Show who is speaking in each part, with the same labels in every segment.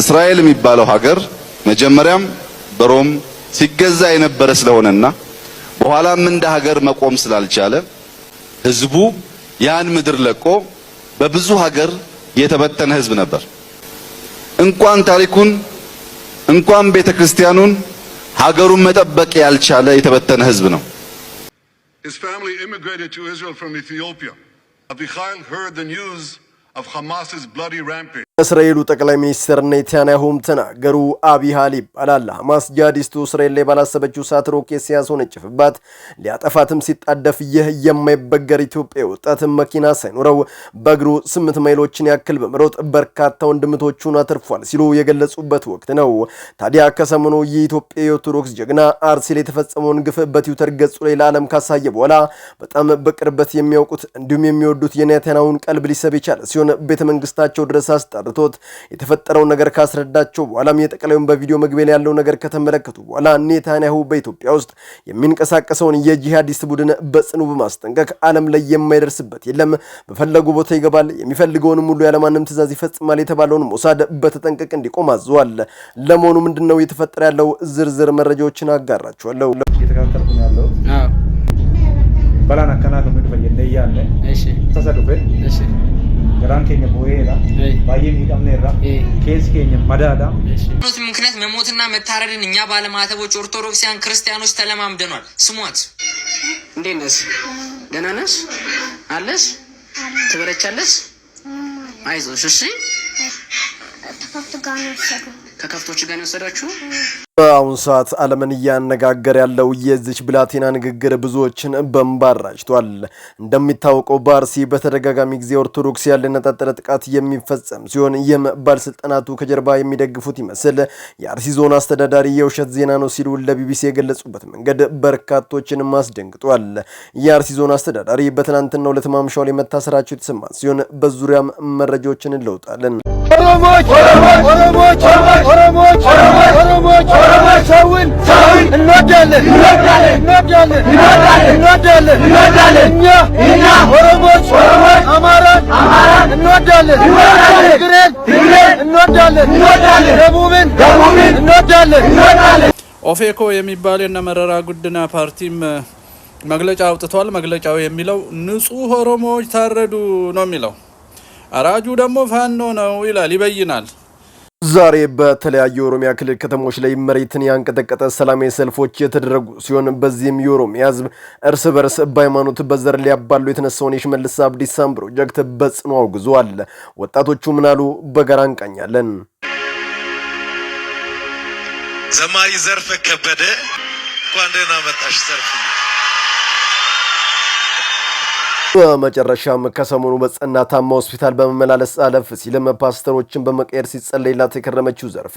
Speaker 1: እስራኤል የሚባለው ሀገር መጀመሪያም በሮም ሲገዛ የነበረ ስለሆነና በኋላም እንደ ሀገር መቆም ስላልቻለ ህዝቡ ያን ምድር ለቆ በብዙ ሀገር የተበተነ ህዝብ ነበር። እንኳን ታሪኩን እንኳን ቤተ ክርስቲያኑን ሀገሩን መጠበቅ ያልቻለ የተበተነ ህዝብ ነው።
Speaker 2: His family immigrated to Israel from Ethiopia. Avichail heard the news of Hamas's bloody rampage.
Speaker 1: እስራኤሉ ጠቅላይ ሚኒስትር ኔታንያሁም ተናገሩ። አብይ ሀሊብ አላላ ሐማስ ጂሃዲስቱ እስራኤል ላይ ባላሰበችው ሰዓት ሮኬት ሲያስወነጭፍባት ሊያጠፋትም ሲጣደፍ ይህ የማይበገር ኢትዮጵያ ወጣት መኪና ሳይኖረው በእግሩ ስምንት ማይሎችን ያክል በመሮጥ በርካታ ወንድምቶቹን አትርፏል ሲሉ የገለጹበት ወቅት ነው። ታዲያ ከሰሞኑ የኢትዮጵያ የኦርቶዶክስ ጀግና አርሲ ላይ የተፈጸመውን ግፍ በትዊተር ገጹ ላይ ለዓለም ካሳየ በኋላ በጣም በቅርበት የሚያውቁት እንዲሁም የሚወዱት የኔታንያሁን ቀልብ ሊሰብ የቻለ ሲሆን ቤተመንግስታቸው ድረስ አስጣር አምጥቶት የተፈጠረውን ነገር ካስረዳቸው በኋላም የጠቅላዩን በቪዲዮ መግቢያ ላይ ያለው ነገር ከተመለከቱ በኋላ ኔታንያሁ በኢትዮጵያ ውስጥ የሚንቀሳቀሰውን የጂሃዲስት ቡድን በጽኑ በማስጠንቀቅ ዓለም ላይ የማይደርስበት የለም፣ በፈለጉ ቦታ ይገባል፣ የሚፈልገውንም ሁሉ ያለማንም ትዕዛዝ ይፈጽማል የተባለውን ሞሳድ በተጠንቀቅ እንዲቆም አዘዋል። ለመሆኑ ምንድን ነው የተፈጠረ ያለው ዝርዝር መረጃዎችን አጋራችኋለሁ።
Speaker 3: በላን አካና ነው ምድ garaan keenya boo'eedha baay'ee miidhamneerra ኬስ keenya madaadha
Speaker 4: ኑት ምክንያት መሞትና መታረድን እኛ ባለማተቦች ኦርቶዶክሲያን ክርስቲያኖች ተለማምደኗል ስሟት እንዴት ነስ ደህና ነስ አለስ ትበረቻለስ አይዞሽ እሺ ከከብቶች ጋር ነው የወሰዳችሁ
Speaker 1: በአሁኑ ሰዓት ዓለምን እያነጋገር ያለው የዚች ብላቴና ንግግር ብዙዎችን በንባራጭቷል። እንደሚታወቀው በአርሲ በተደጋጋሚ ጊዜ ኦርቶዶክስ ያልነጣጠለ ጥቃት የሚፈጸም ሲሆን ይህም ባለስልጣናቱ ከጀርባ የሚደግፉት ይመስል የአርሲ ዞን አስተዳዳሪ የውሸት ዜና ነው ሲሉ ለቢቢሲ የገለጹበት መንገድ በርካቶችን አስደንግጧል። የአርሲ ዞን አስተዳዳሪ በትናንትናው ዕለት ማምሻው ላይ መታሰራቸው የተሰማ ሲሆን በዙሪያም መረጃዎችን እንለውጣለን።
Speaker 5: ኦሮሞች
Speaker 6: ኦሮሞች
Speaker 7: ኦሮሞች
Speaker 8: ኦሮሞች
Speaker 9: ሰውን
Speaker 10: ሰውን
Speaker 11: እንወዳለን
Speaker 12: እንወዳለን
Speaker 13: እንወዳለን
Speaker 14: እንወዳለን
Speaker 15: እኛ
Speaker 16: እኛ
Speaker 17: ኦሮሞች
Speaker 18: ኦሮሞች
Speaker 19: አማራን
Speaker 20: አማራን
Speaker 21: እንወዳለን
Speaker 22: እንወዳለን
Speaker 23: ትግሬን
Speaker 24: ትግሬን
Speaker 25: እንወዳለን
Speaker 26: እንወዳለን
Speaker 27: ደቡብን
Speaker 28: ደቡብን
Speaker 29: እንወዳለን
Speaker 30: እንወዳለን
Speaker 5: ኦፌኮ የሚባል መረራ ጉድና ፓርቲም መግለጫ አውጥቷል። መግለጫው የሚለው ንጹህ ኦሮሞዎች ታረዱ ነው የሚለው አራጁ ደግሞ ፋኖ ነው ይላል፣ ይበይናል።
Speaker 1: ዛሬ በተለያዩ የኦሮሚያ ክልል ከተሞች ላይ መሬትን ያንቀጠቀጠ ሰላማዊ ሰልፎች የተደረጉ ሲሆን በዚህም የኦሮሚያ ህዝብ እርስ በርስ በሃይማኖት በዘር ሊያባሉ የተነሳውን የሽመልስ አብዲሳን ፕሮጀክት በጽኑ አውግዟል። ወጣቶቹ ምናሉ በጋራ እንቃኛለን።
Speaker 2: ዘማሪ ዘርፈ ከበደ እንኳን ደህና መጣሽ ዘርፍ
Speaker 1: በመጨረሻም ከሰሞኑ በጽና ታማ ሆስፒታል በመመላለስ አለፍ ሲልም ፓስተሮችን በመቀየር ሲጸለይላት የከረመችው ዘርፌ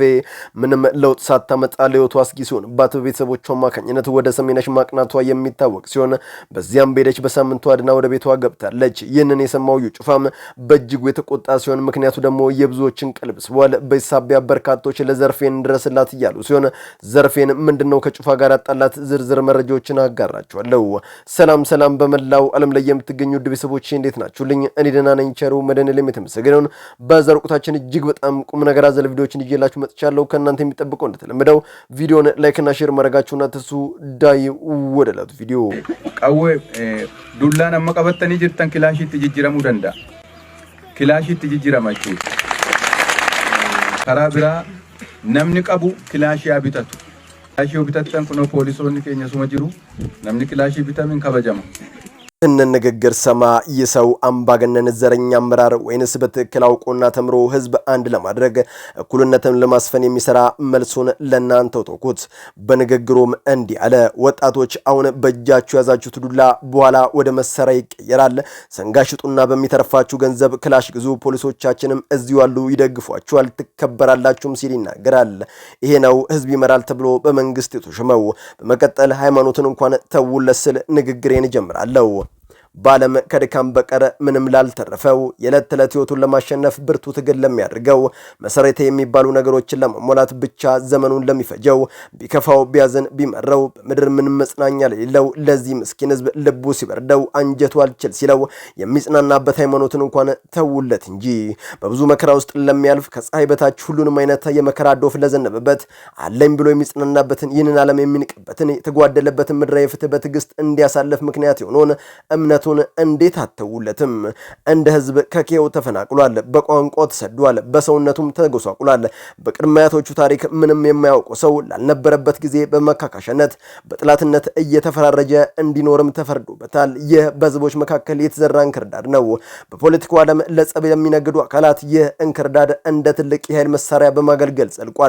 Speaker 1: ምንም ለውጥ ሳታመጣ ለሕይወቱ አስጊ ሲሆንባት በቤተሰቦቿ አማካኝነት ወደ ሰሜነሽ ማቅናቷ የሚታወቅ ሲሆን በዚያም በሄደች በሳምንቱ አድና ወደ ቤቷ ገብታለች። ይህንን የሰማው ጩፋም በእጅጉ የተቆጣ ሲሆን ምክንያቱ ደግሞ የብዙዎችን ቀልብ ስቧል። በሳቢያ በርካቶች ለዘርፌን ድረስላት እያሉ ሲሆን ዘርፌን ምንድነው ከጩፋ ጋር ያጣላት ዝርዝር መረጃዎችን አጋራቸዋለሁ። ሰላም ሰላም በመላው ዓለም ላይ የምትገ የምትገኙ ውድ ቤተሰቦች እንዴት ናችሁልኝ? እኔ ደህና ነኝ። ቸሩ መድኃኔዓለም የተመሰገነውን በዛሬው ቆይታችን እጅግ በጣም ቁም ነገር አዘል ቪዲዮዎችን ይዤላችሁ መጥቻለሁ። ከእናንተ የሚጠብቀው እንደተለመደው ቪዲዮን ላይክና ሼር ማድረጋችሁን ትሱ ዳይ ወደላት ቪዲዮ
Speaker 3: ቀዌ ዱላን አመቀበተን ጅርተን ክላሺት ጅጅረሙ ደንዳ ክላሺት ጅጅረመች ከራ ቢራ ነምኒ ቀቡ ክላሺያ ያቢጠቱ ክላሺ ቢተተን ኩኖ ፖሊሶን ኬኛ ሱመጅሩ ነምን ነምኒ ክላሺ ከበጀማ
Speaker 1: ንግግር ሰማ ይህ ሰው አምባገነን ዘረኛ አመራር ወይንስ በትክክል አውቆና ተምሮ ህዝብ አንድ ለማድረግ እኩልነትን ለማስፈን የሚሰራ? መልሱን ለናንተ ተውኩት። በንግግሩም እንዲህ አለ። ወጣቶች አሁን በእጃችሁ ያዛችሁት ዱላ በኋላ ወደ መሳሪያ ይቀየራል። ሰንጋ ሽጡና በሚተርፋችሁ ገንዘብ ክላሽ ግዙ። ፖሊሶቻችንም እዚሁ አሉ፣ ይደግፏችኋል፣ ትከበራላችሁም ሲል ይናገራል። ይሄ ነው ህዝብ ይመራል ተብሎ በመንግስት የተሾመው። በመቀጠል ሃይማኖትን እንኳን ተውለት ስል ንግግሬን እጀምራለሁ። በዓለም ከድካም በቀር ምንም ላልተረፈው የዕለት ተዕለት ሕይወቱን ለማሸነፍ ብርቱ ትግል ለሚያደርገው መሰረተ የሚባሉ ነገሮችን ለመሞላት ብቻ ዘመኑን ለሚፈጀው ቢከፋው ቢያዝን ቢመረው በምድር ምንም መጽናኛ ለሌለው ለዚህ ምስኪን ህዝብ ልቡ ሲበርደው አንጀቱ አልችል ሲለው የሚጽናናበት ሃይማኖትን እንኳን ተውለት እንጂ በብዙ መከራ ውስጥ ለሚያልፍ ከፀሐይ በታች ሁሉንም አይነት የመከራ ዶፍ ለዘነበበት አለኝ ብሎ የሚጽናናበትን ይህንን ዓለም የሚንቅበትን የተጓደለበትን ምድራዊ ፍትህ በትዕግስት እንዲያሳልፍ ምክንያት የሆነውን እምነት ምክንያቱን እንዴት አተውለትም? እንደ ህዝብ ከኬው ተፈናቅሏል፣ በቋንቋው ተሰዷል፣ በሰውነቱም ተጎሳቁሏል። በቅድመ ታሪክ ምንም የማያውቁ ሰው ላልነበረበት ጊዜ በመካካሻነት በጥላትነት እየተፈራረጀ እንዲኖርም ተፈርዶበታል። ይህ በህዝቦች መካከል የተዘራ እንክርዳድ ነው። በፖለቲካው ዓለም ለጸብ የሚነግዱ አካላት ይህ እንክርዳድ እንደ ትልቅ የኃይል መሳሪያ በማገልገል ጸልቋል።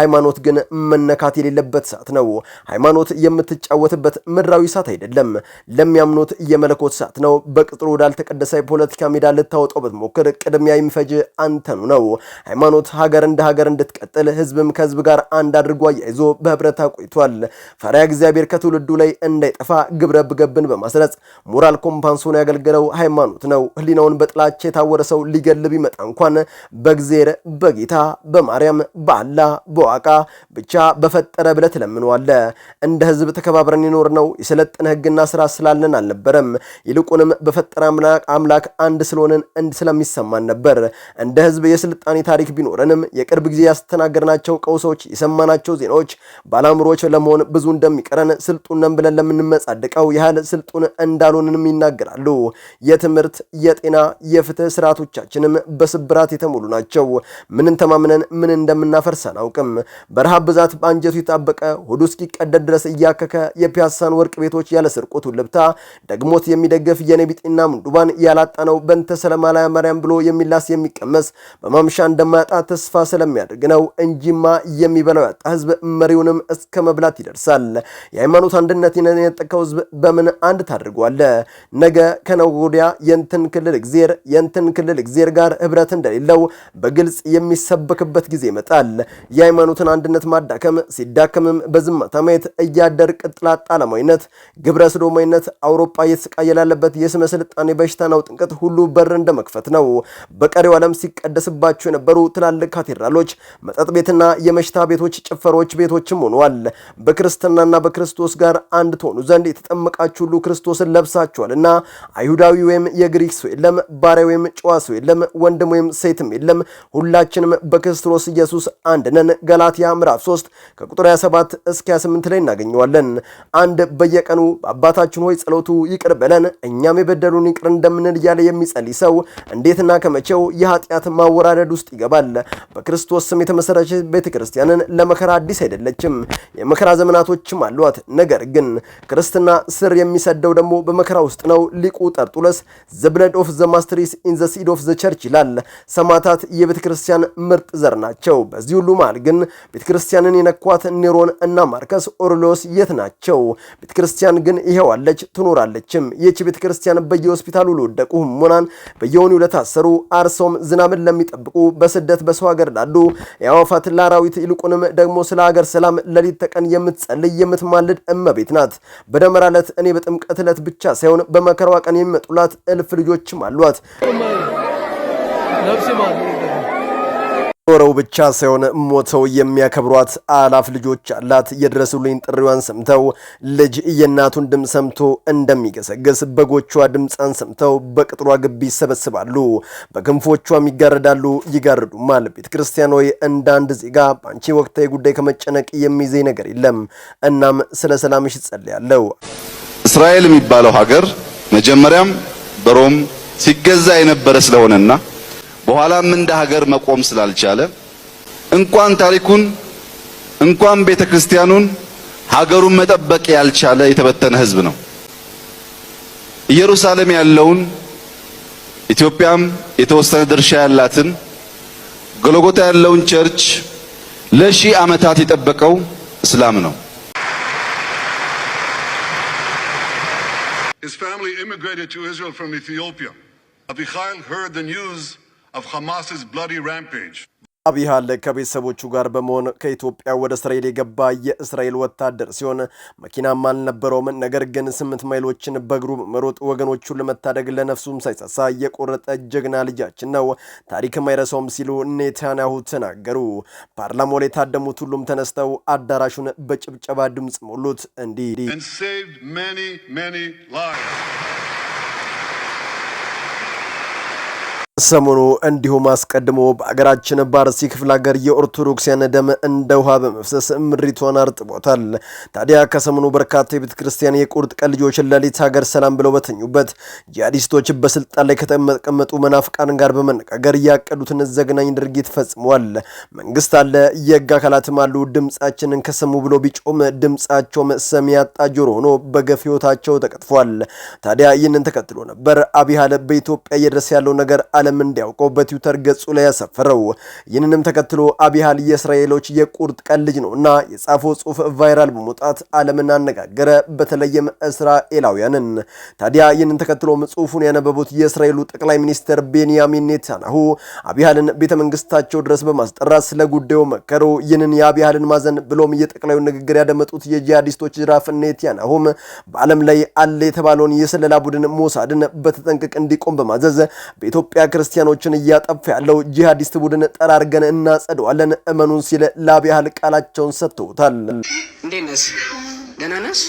Speaker 1: ሃይማኖት ግን መነካት የሌለበት ሰዓት ነው። ሃይማኖት የምትጫወትበት ምድራዊ ሰዓት አይደለም። ለሚያምኑት የመለኮት የፍላጎት ሰዓት ነው። በቅጥሩ ወዳልተቀደሰ የፖለቲካ ሜዳ ልታወጣው ብትሞክር ቅድሚያ የሚፈጅ አንተኑ ነው። ሃይማኖት ሀገር እንደ ሀገር እንድትቀጥል ህዝብም ከህዝብ ጋር አንድ አድርጎ አያይዞ በህብረት አቆይቷል። ፈሪያ እግዚአብሔር ከትውልዱ ላይ እንዳይጠፋ ግብረ ብገብን በማስረጽ ሞራል ኮምፓንሶን ያገልግለው ሃይማኖት ነው። ህሊናውን በጥላቻ የታወረ ሰው ሊገል ቢመጣ እንኳን በእግዜር በጌታ በማርያም በአላ በዋቃ ብቻ በፈጠረ ብለት ትለምነዋለህ። እንደ ህዝብ ተከባብረን ነው የሰለጠነ ህግና ስራ ስላለን አልነበረም። ይልቁንም በፈጠረ አምላክ አንድ ስለሆነን ስለሚሰማን ነበር። እንደ ህዝብ የስልጣኔ ታሪክ ቢኖረንም የቅርብ ጊዜ ያስተናገርናቸው ቀውሶች፣ የሰማናቸው ዜናዎች ባላምሮች ለመሆን ብዙ እንደሚቀረን ስልጡን ነን ብለን ለምንመጻድቀው ያህል ስልጡን እንዳልሆንንም ይናገራሉ። የትምህርት የጤና፣ የፍትህ ስርዓቶቻችንም በስብራት የተሞሉ ናቸው። ምንን ተማምነን ምን እንደምናፈርስ አናውቅም። በረሃብ ብዛት በአንጀቱ የታበቀ ሆዱ እስኪቀደድ ድረስ እያከከ የፒያሳን ወርቅ ቤቶች ያለ ስርቆት ውልብታ ደግሞት የሚ የሚደገፍ የነቢጤና ምንዱባን ያላጣነው በንተ ስለማላያ ማርያም ብሎ የሚላስ የሚቀመስ በማምሻ እንደማያጣ ተስፋ ስለሚያደርግ ነው እንጂማ የሚበላው ያጣ ህዝብ መሪውንም እስከ መብላት ይደርሳል። የሃይማኖት አንድነት የነጠቀው ህዝብ በምን አንድ ታድርጓለ? ነገ ከነገ ወዲያ የንትን ክልል እግዜር የንትን ክልል እግዜር ጋር ህብረት እንደሌለው በግልጽ የሚሰበክበት ጊዜ ይመጣል። የሃይማኖትን አንድነት ማዳከም ሲዳከምም በዝማታ ማየት እያደር ቅጥላጣ ዓለማዊነት ግብረ ሰዶማዊነት አውሮፓ የተሰቃየ የላለበት የስመስልጣኔ የስመ ስልጣኔ በሽታናው ጥንቀት ሁሉ በር እንደመክፈት ነው። በቀሪው ዓለም ሲቀደስባቸው የነበሩ ትላልቅ ካቴድራሎች፣ መጠጥ ቤትና የመሽታ ቤቶች፣ ጭፈሮች ቤቶችም ሆነዋል። በክርስትናና በክርስቶስ ጋር አንድ ትሆኑ ዘንድ የተጠመቃችሁ ሁሉ ክርስቶስን እና አይሁዳዊ ወይም የግሪክ ሰው የለም፣ ባሪያ ወይም ጨዋ ሰው የለም፣ ወንድም ወይም ሴትም የለም፣ ሁላችንም በክርስቶስ ኢየሱስ አንድ ነን። ገላትያ ምዕራፍ 3 ከቁጥር 27 እስከ 28 ላይ እናገኘዋለን። አንድ በየቀኑ በአባታችን ሆይ ጸሎቱ ይቅር በለን ይበለን እኛም የበደሉን ይቅር እንደምንል እያለ የሚጸልይ ሰው እንዴትና ከመቼው የኃጢአት ማወራደድ ውስጥ ይገባል። በክርስቶስ ስም የተመሰረች ቤተ ክርስቲያንን ለመከራ አዲስ አይደለችም፣ የመከራ ዘመናቶችም አሏት። ነገር ግን ክርስትና ስር የሚሰደው ደግሞ በመከራ ውስጥ ነው። ሊቁ ጠርጡለስ ዘ ብለድ ኦፍ ዘ ማስትሪስ ኢን ዘ ሲድ ኦፍ ዘ ቸርች ይላል። ሰማዕታት የቤተ ክርስቲያን ምርጥ ዘር ናቸው። በዚህ ሁሉ መሃል ግን ቤተ ክርስቲያንን የነኳት ኔሮን እና ማርከስ ኦርሎስ የት ናቸው? ቤተ ክርስቲያን ግን ይኸዋለች ትኖራለችም። በየች ቤተ ክርስቲያን በየሆስፒታሉ ለወደቁ ሕሙማን፣ በየወህኒው ለታሰሩ፣ አርሰውም ዝናብን ለሚጠብቁ፣ በስደት በሰው ሀገር ላሉ የአዋፋት ላራዊት ይልቁንም ደግሞ ስለ ሀገር ሰላም ለሊት ተቀን የምትጸልይ የምትማልድ እመቤት ናት። በደመራ ዕለት እኔ በጥምቀት ዕለት ብቻ ሳይሆን በመከራዋ ቀን የሚመጡላት እልፍ ልጆችም አሏት። ኖረው ብቻ ሳይሆን ሞተው የሚያከብሯት አላፍ ልጆች አላት። የድረሱልኝ ጥሪዋን ሰምተው ልጅ የእናቱን ድምፅ ሰምቶ እንደሚገሰግስ በጎቿ ድምፃን ሰምተው በቅጥሯ ግቢ ይሰበስባሉ፣ በክንፎቿም ይጋረዳሉ፣ ይጋርዱማል። ቤተ ክርስቲያን ሆይ እንደ አንድ ዜጋ በአንቺ ወቅታዊ ጉዳይ ከመጨነቅ የሚይዘኝ ነገር የለም። እናም ስለ ሰላምሽ ጸልያለው። እስራኤል የሚባለው ሀገር መጀመሪያም በሮም ሲገዛ የነበረ ስለሆነና በኋላም እንደ ሀገር መቆም ስላልቻለ እንኳን ታሪኩን እንኳን ቤተ ክርስቲያኑን ሀገሩን መጠበቅ ያልቻለ የተበተነ ህዝብ ነው። ኢየሩሳሌም ያለውን ኢትዮጵያም የተወሰነ ድርሻ ያላትን ጎልጎታ ያለውን ቸርች ለሺህ ዓመታት የጠበቀው እስላም ነው።
Speaker 2: His family immigrated to Israel from Ethiopia. Avichail heard the news
Speaker 1: አብይ አል ከቤተሰቦቹ ጋር በመሆን ከኢትዮጵያ ወደ እስራኤል የገባ የእስራኤል ወታደር ሲሆን መኪናም አልነበረውም። ነገር ግን ስምንት ማይሎችን በእግሩ መሮጥ ወገኖቹን ለመታደግ ለነፍሱም ሳይሳሳ የቆረጠ ጀግና ልጃችን ነው፣ ታሪክ አይረሳውም ሲሉ ኔታንያሁ ተናገሩ። ፓርላማው ላይ የታደሙት ሁሉም ተነስተው አዳራሹን በጭብጨባ ድምፅ ሞሉት። እንዲህ ሰሞኑ እንዲሁም አስቀድሞ በአገራችን ባርሲ ክፍለ ሀገር የኦርቶዶክሲያን ደም እንደ ውሃ በመፍሰስ ምድሪቷን አርጥቦታል። ታዲያ ከሰሞኑ በርካታ የቤተ ክርስቲያን የቁርጥ ቀን ልጆች ለሊት ሀገር ሰላም ብለው በተኙበት ጂሃዲስቶች በስልጣን ላይ ከተቀመጡ መናፍቃን ጋር በመነጋገር ያቀዱትን ዘግናኝ ድርጊት ፈጽሟል። መንግስት አለ፣ የህግ አካላትም አሉ። ድምጻችንን ከሰሙ ብሎ ቢጮም ድምፃቸውም ሰሚ ያጣ ጆሮ ሆኖ በገፍ ህይወታቸው ተቀጥፏል። ታዲያ ይህንን ተከትሎ ነበር አብይ አለ በኢትዮጵያ እየደረሰ ያለው ነገር አለ ዓለም እንዲያውቀው በትዊተር ገጹ ላይ ያሰፈረው። ይህንንም ተከትሎ አቢሃል የእስራኤሎች የቁርጥ ቀን ልጅ ነው እና የጻፈው ጽሑፍ ቫይራል በመውጣት ዓለምን አነጋገረ፣ በተለይም እስራኤላውያንን። ታዲያ ይህንን ተከትሎም ጽሑፉን ያነበቡት የእስራኤሉ ጠቅላይ ሚኒስትር ቤንያሚን ኔታንያሁ አቢሃልን ቤተ መንግስታቸው ድረስ በማስጠራት ስለ ጉዳዩ መከሩ። ይህንን የአቢሃልን ማዘን ብሎም የጠቅላዩ ንግግር ያደመጡት የጂሃዲስቶች ጅራፍ ኔታንያሁም በዓለም ላይ አለ የተባለውን የስለላ ቡድን ሞሳድን በተጠንቀቅ እንዲቆም በማዘዝ በኢትዮጵያ ክርስቲያኖችን እያጠፋ ያለው ጂሃዲስት ቡድን ጠራርገን እናጸደዋለን እመኑን ሲል ላብ ያህል ቃላቸውን ሰጥተውታል።
Speaker 4: እንዴት ነስ? ደህና ነስ?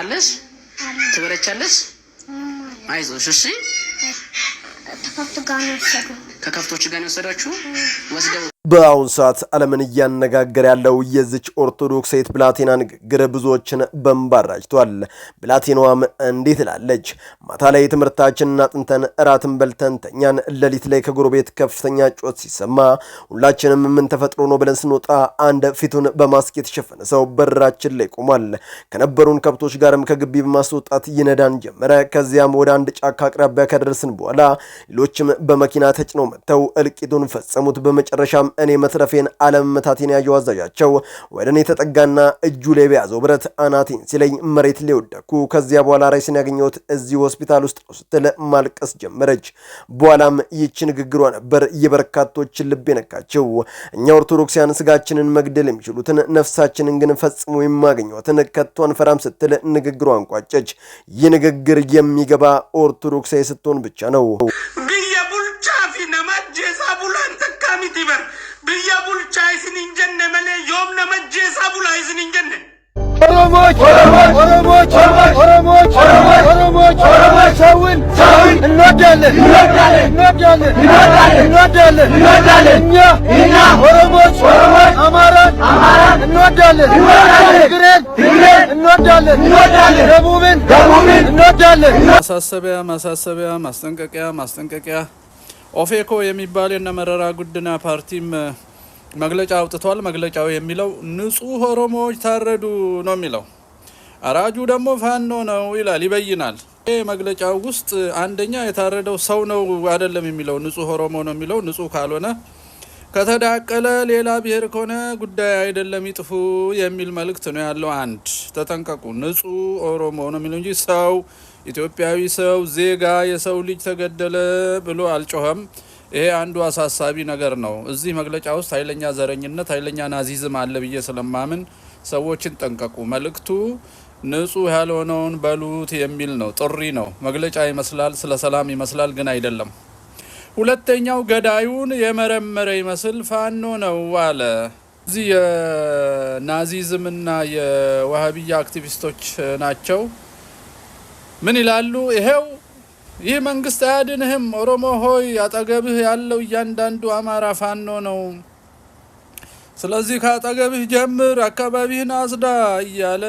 Speaker 4: አለስ? ትበረቻለስ? አይዞሽ እሺ። ከከብቶች ጋር ነው የወሰዷችሁ ወስደው
Speaker 1: በአሁን ሰዓት ዓለምን እያነጋገረ ያለው የዚች ኦርቶዶክስ ሴት ብላቴና ንግግር ብዙዎችን በንባራጅቷል። አራጭቷል። ብላቴናዋም እንዲህ ትላለች። ማታ ላይ ትምህርታችንን አጥንተን እራትን በልተን ተኛን። ሌሊት ላይ ከጎረቤት ከፍተኛ ጮት ሲሰማ ሁላችንም ምን ተፈጥሮ ነው ብለን ስንወጣ አንድ ፊቱን በማስክ የተሸፈነ ሰው በራችን ላይ ቆሟል። ከነበሩን ከብቶች ጋርም ከግቢ በማስወጣት ይነዳን ጀመረ። ከዚያም ወደ አንድ ጫካ አቅራቢያ ከደረስን በኋላ ሌሎችም በመኪና ተጭነው መጥተው እልቂቱን ፈጸሙት። በመጨረሻም እኔ መትረፌን አለም መታቴን ያየው አዛዣቸው ወደ እኔ ተጠጋና እጁ ላይ በያዘው ብረት አናቴን ሲለኝ መሬት ላይ ወደኩ። ከዚያ በኋላ ራይስን ያገኘሁት እዚህ ሆስፒታል ውስጥ ነው ስትል ማልቀስ ጀመረች። በኋላም ይቺ ንግግሯ ነበር የበርካቶችን ልብ የነካቸው። እኛ ኦርቶዶክሲያን ስጋችንን መግደል የሚችሉትን ነፍሳችንን ግን ፈጽሞ የማገኘትን ከቶ አንፈራም ስትል ንግግሯ አንቋጨች። ይህ ንግግር የሚገባ ኦርቶዶክሳዊ ስትሆን ብቻ ነው።
Speaker 4: ብየ ቡልቻፊ ቡላን ተካሚት ይበር ጉያ ቡልቻይስን እንጀነ መሌ ዮም ነመጄሳ ቡላይስን እንጀነ
Speaker 5: ማሳሰቢያ ማሳሰቢያ ማስጠንቀቂያ ማስጠንቀቂያ ኦፌኮ የሚባል የነመረራ ጉድና ፓርቲም መግለጫ አውጥቷል። መግለጫው የሚለው ንጹህ ኦሮሞዎች ታረዱ ነው የሚለው። አራጁ ደግሞ ፋኖ ነው ይላል፣ ይበይናል። ይህ መግለጫው ውስጥ አንደኛ የታረደው ሰው ነው አይደለም የሚለው ንጹህ ኦሮሞ ነው የሚለው። ንጹህ ካልሆነ ከተዳቀለ ሌላ ብሔር ከሆነ ጉዳይ አይደለም ይጥፉ የሚል መልእክት ነው ያለው። አንድ ተጠንቀቁ። ንጹህ ኦሮሞ ነው የሚለው እንጂ ሰው ኢትዮጵያዊ ሰው ዜጋ የሰው ልጅ ተገደለ ብሎ አልጮኸም። ይሄ አንዱ አሳሳቢ ነገር ነው። እዚህ መግለጫ ውስጥ ኃይለኛ ዘረኝነት፣ ኃይለኛ ናዚዝም አለ ብዬ ስለማምን ሰዎችን ጠንቀቁ። መልእክቱ ንጹህ ያልሆነውን በሉት የሚል ነው። ጥሪ ነው። መግለጫ ይመስላል፣ ስለ ሰላም ይመስላል፣ ግን አይደለም። ሁለተኛው ገዳዩን የመረመረ ይመስል ፋኖ ነው አለ። እዚህ የናዚዝምና የዋሃቢያ አክቲቪስቶች ናቸው። ምን ይላሉ? ይሄው ይህ መንግስት አያድንህም። ኦሮሞ ሆይ አጠገብህ ያለው እያንዳንዱ አማራ ፋኖ ነው። ስለዚህ ከአጠገብህ ጀምር፣ አካባቢህን አጽዳ እያለ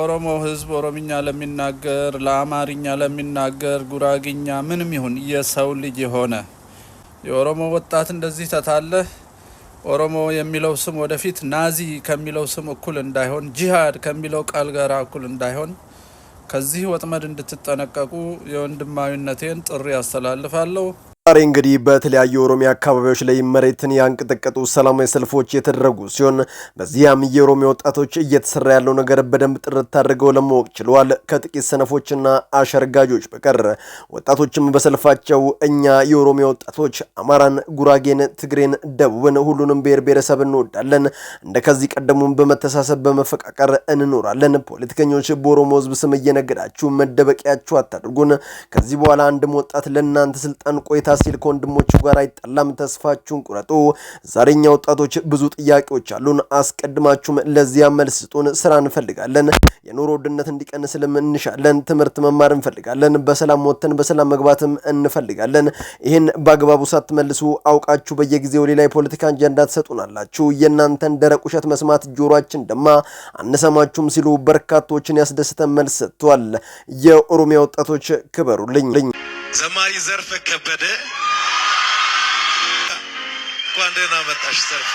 Speaker 5: ኦሮሞ ህዝብ ኦሮምኛ ለሚናገር ለአማርኛ ለሚናገር ጉራግኛ ምንም ይሁን የሰው ልጅ የሆነ የኦሮሞ ወጣት እንደዚህ ተታለህ ኦሮሞ የሚለው ስም ወደፊት ናዚ ከሚለው ስም እኩል እንዳይሆን ጂሃድ ከሚለው ቃል ጋር እኩል እንዳይሆን ከዚህ ወጥመድ እንድትጠነቀቁ የወንድማዊነቴን ጥሪ ያስተላልፋለሁ።
Speaker 1: ዛሬ እንግዲህ በተለያዩ የኦሮሚያ አካባቢዎች ላይ መሬትን ያንቀጠቀጡ ሰላማዊ ሰልፎች የተደረጉ ሲሆን በዚያም የኦሮሚያ ወጣቶች እየተሰራ ያለው ነገር በደንብ ጥርት አድርገው ለማወቅ ችለዋል። ከጥቂት ሰነፎችና አሸርጋጆች በቀር ወጣቶችም በሰልፋቸው እኛ የኦሮሚያ ወጣቶች አማራን፣ ጉራጌን፣ ትግሬን፣ ደቡብን ሁሉንም ብሔር ብሔረሰብ እንወዳለን። እንደ ከዚህ ቀደሙን በመተሳሰብ በመፈቃቀር እንኖራለን። ፖለቲከኞች በኦሮሞ ህዝብ ስም እየነገዳችሁ መደበቂያችሁ አታድርጉን። ከዚህ በኋላ አንድም ወጣት ለእናንተ ስልጣን ቆይታ ሲል ከወንድሞቹ ጋር አይጣላም። ተስፋችሁን ቁረጡ። ዛሬኛ ወጣቶች ብዙ ጥያቄዎች አሉን። አስቀድማችሁም ለዚያ መልስ ስጡን። ስራ እንፈልጋለን። የኑሮ ውድነት እንዲቀንስልም እንሻለን። ትምህርት መማር እንፈልጋለን። በሰላም ወጥተን በሰላም መግባትም እንፈልጋለን። ይህን በአግባቡ ሳትመልሱ አውቃችሁ በየጊዜው ሌላ የፖለቲካ አጀንዳ ትሰጡናላችሁ። የእናንተን ደረቅ ውሸት መስማት ጆሮአችን ደማ፣ አንሰማችሁም ሲሉ በርካቶችን ያስደስተ መልስ ሰጥቷል። የኦሮሚያ ወጣቶች ክበሩልኝ። ዘማሪ ዘርፈ ከበደ እንኳን ደህና መጣሽ ዘርፍ።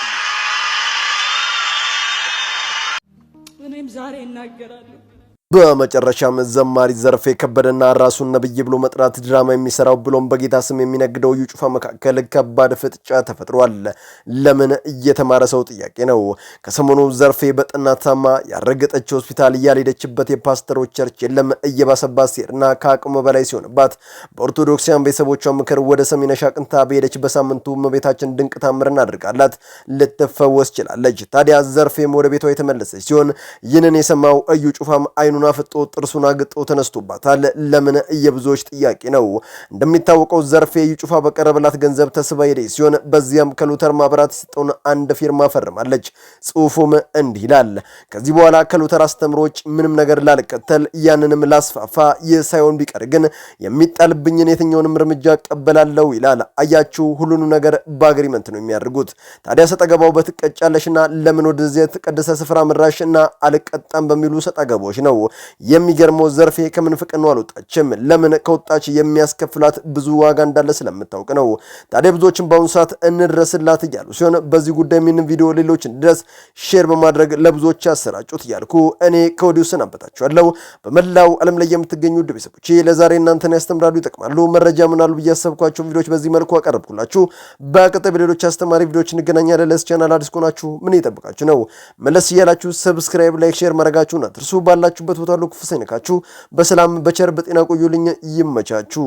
Speaker 1: እኔም ዛሬ እናገራለሁ። በመጨረሻም ዘማሪ ዘርፌ ከበደና ራሱን ነብይ ብሎ መጥራት ድራማ የሚሰራው ብሎም በጌታ ስም የሚነግደው እዩ ጩፋ መካከል ከባድ ፍጥጫ ተፈጥሯል። ለምን እየተማረ ሰው ጥያቄ ነው። ከሰሞኑ ዘርፌ በጠና ታማ ያረገጠች ሆስፒታል እያልሄደችበት የፓስተሮች ቸርች የለም። እየባሰባት ሲሄድና ከአቅሙ በላይ ሲሆንባት በኦርቶዶክሲያን ቤተሰቦቿ ምክር ወደ ሰሜነ ሻቅንታ በሄደች በሳምንቱ እመቤታችን ድንቅ ታምርን አድርጋላት ልትፈወስ ችላለች። ታዲያ ዘርፌም ወደ ቤቷ የተመለሰች ሲሆን ይህንን የሰማው እዩ ጩፋም አይኑን አፉን አፍጦ ጥርሱን አግጦ ተነስቶባታል። ለምን የብዙዎች ጥያቄ ነው። እንደሚታወቀው ዘርፌ ይጩፋ በቀረበላት ገንዘብ ተስባ ሄደች ሲሆን በዚያም ከሉተር ማህበራት የሰጠውን አንድ ፊርማ ፈርማለች። ጽሁፉም እንዲህ ይላል። ከዚህ በኋላ ከሉተር አስተምሮች ምንም ነገር ላልከተል ያንንም ላስፋፋ፣ ይህ ሳይሆን ቢቀር ግን የሚጣልብኝን የትኛውንም እርምጃ ቀበላለሁ ይላል። አያችሁ ሁሉንም ነገር በአግሪመንት ነው የሚያደርጉት። ታዲያ ሰጠገባው በትቀጫለሽና ለምን ወደዚያ የተቀደሰ ስፍራ ምራሽ እና አልቀጣም በሚሉ ሰጠገቦች ነው። የሚገርመው ዘርፌ ነው አልወጣችም። ለምን? ከወጣች የሚያስከፍላት ብዙ ዋጋ እንዳለ ስለምታውቅ ነው። ታዲያ ብዙዎችን በአሁኑ ሰዓት እንድረስላት እያሉ ሲሆን በዚህ ጉዳይ ይህንን ቪዲዮ ሌሎች እንድረስ ሼር በማድረግ ለብዙዎች ያሰራጩት እያልኩ እኔ ከወዲሁ ሰናበታችኋለሁ። በመላው ዓለም ላይ የምትገኙ ውድ ቤተሰቦቼ ለዛሬ እናንተን ያስተምራሉ፣ ይጠቅማሉ፣ መረጃ ምናሉ ብዬ ያሰብኳቸውን ቪዲዮዎች በዚህ መልኩ አቀረብኩላችሁ። በቀጣይ በሌሎች አስተማሪ ቪዲዮች እንገናኛለን። ለስ ቻናል አዲስ ከሆናችሁ ምን ይጠብቃችሁ ነው መለስ እያላችሁ ሰብስክራይብ፣ ላይክ፣ ሼር ማድረጋችሁን አትርሱ ባላችሁበት እሰናበትዎታለሁ። ክፉ ሳይነካችሁ በሰላም በቸር በጤና ቆዩልኝ። ይመቻችሁ።